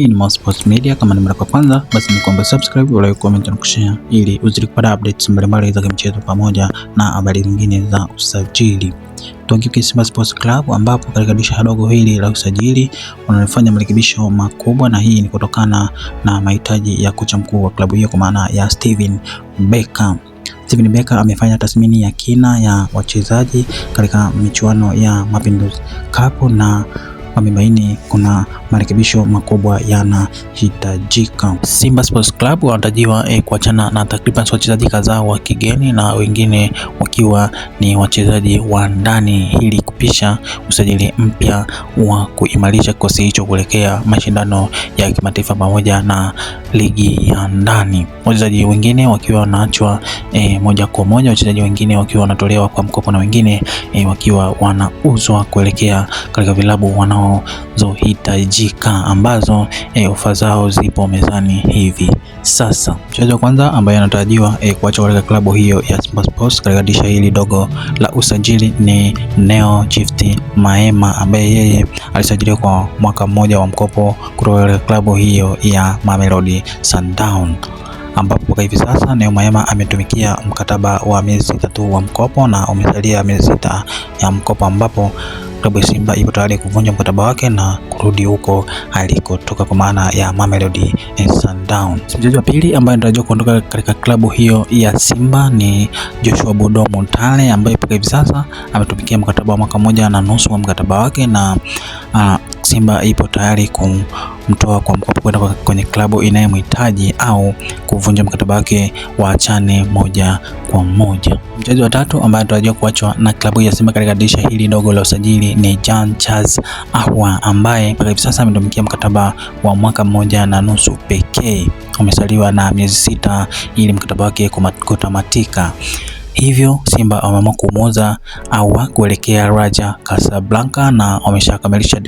Hii ni Mouse Media. Kama ni mara ya kwanza, basi ni kuomba subscribe, like, comment na kushare ili uzidi kupata updates mbalimbali za kimchezo pamoja na habari nyingine za usajili. Tuanguke Simba Sports Club ambapo katika dirisha dogo hili la usajili wanafanya marekebisho makubwa, na hii ni kutokana na mahitaji ya kocha mkuu wa klabu hiyo kwa maana ya Steven Becker. Steven Becker amefanya tathmini ya kina ya wachezaji katika michuano ya Mapinduzi Cup na wamebaini kuna marekebisho makubwa yanahitajika. Simba Sports Club wanatajiwa e, eh, kuachana na takriban wachezaji kadhaa wa kigeni na wengine wakiwa ni wachezaji wa ndani ili kupisha usajili mpya wa kuimarisha kikosi hicho kuelekea mashindano ya kimataifa pamoja na ligi ya ndani. Wachezaji wengine wakiwa wanaachwa e, moja kwa moja, wachezaji wengine wakiwa wanatolewa kwa mkopo na wengine e, wakiwa wanauzwa kuelekea katika vilabu wanazohitaji kuvunjika ambazo e, ofa zao zipo mezani hivi sasa. Mchezaji wa kwanza ambaye anatarajiwa e, eh, kuacha katika klabu hiyo ya Simba Sports katika dirisha hili dogo la usajili ni Neo Chifti Maema ambaye yeye alisajiliwa kwa mwaka mmoja wa mkopo kutoka katika klabu hiyo ya Mamelodi Sundowns ambapo kwa hivi sasa Neema ametumikia mkataba wa miezi tu wa mkopo na umesalia miezi sita ya mkopo ambapo klabu ya Simba ipo tayari kuvunja mkataba wake na kurudi huko alikotoka kwa maana ya Mamelodi Sundowns. Mchezaji wa pili ambaye anatarajiwa kuondoka katika klabu hiyo ya Simba ni Joshua Bodo Montale ambaye mpaka hivi sasa ametumikia mkataba wa mwaka mmoja na nusu wa mkataba wake na uh, Simba ipo tayari kumtoa kwa mkopo kwenda kwenye klabu inayemhitaji au kuvunja mkataba wake waachane moja kwa moja. Mchezaji wa tatu ambaye anatarajiwa kuachwa na klabu ya Simba katika dirisha hili dogo la usajili ni Jean Charles Ahoua ambaye mpaka hivi sasa ametumikia mkataba wa mwaka mmoja na nusu pekee, umesaliwa na miezi sita ili mkataba wake kutamatika. Hivyo Simba wameamua kumuuza Ahoua kuelekea Raja Casablanca na wameshakamilisha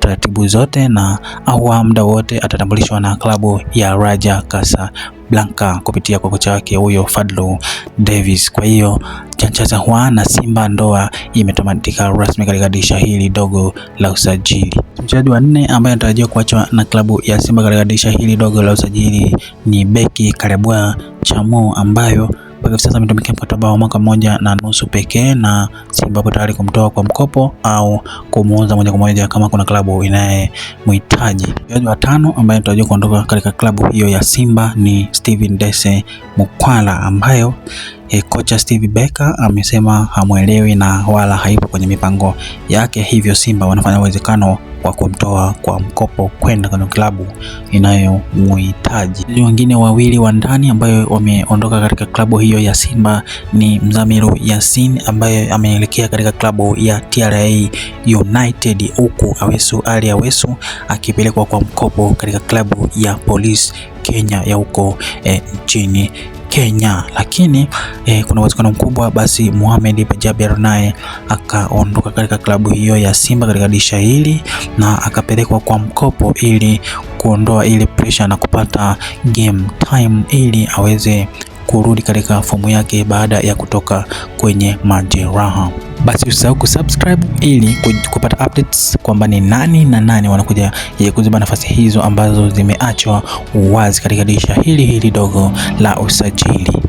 taratibu zote na Ahoua muda wote atatambulishwa na klabu ya Raja Casablanca kupitia kwa kocha wake huyo Fadlu Davis. Kwa hiyo za Ahoua na Simba ndoa imetamatika rasmi katika dirisha hili dogo la usajili. Mchezaji wa nne ambaye anatarajiwa kuachwa na klabu ya Simba katika dirisha hili dogo la usajili ni beki Kareboa Chamu ambayo mpaka hivi sasa ametumikia mkataba wa mwaka mmoja na nusu pekee, na Simba hapo tayari kumtoa kwa mkopo au kumuuza moja kwa moja kama kuna klabu inayemhitaji. Mchezaji wa tano ambaye anatarajiwa kuondoka katika klabu hiyo ya Simba ni Steven Dese Mukwala ambayo E, kocha Steve Becker amesema hamwelewi na wala haipo kwenye mipango yake, hivyo Simba wanafanya uwezekano wa kumtoa kwa mkopo kwenda kwenye klabu inayomhitaji. Wengine wawili wa ndani ambayo wameondoka katika klabu hiyo ya Simba ni Mzamiru Yasin ambaye ameelekea katika klabu ya TRA United, huku Awesu Ali Awesu akipelekwa kwa mkopo katika klabu ya Police Kenya ya huko e, nchini eh, Kenya, lakini eh, kuna uwezekano mkubwa basi Mohamed Jaber naye akaondoka katika klabu hiyo ya Simba katika dirisha hili na akapelekwa kwa mkopo ili kuondoa ile pressure na kupata game time ili aweze kurudi katika fomu yake baada ya kutoka kwenye majeraha basi usisahau kusubscribe ili kupata updates kwamba ni nani na nani wanakuja eh, kuziba nafasi hizo ambazo zimeachwa wazi katika dirisha hili hili dogo la usajili.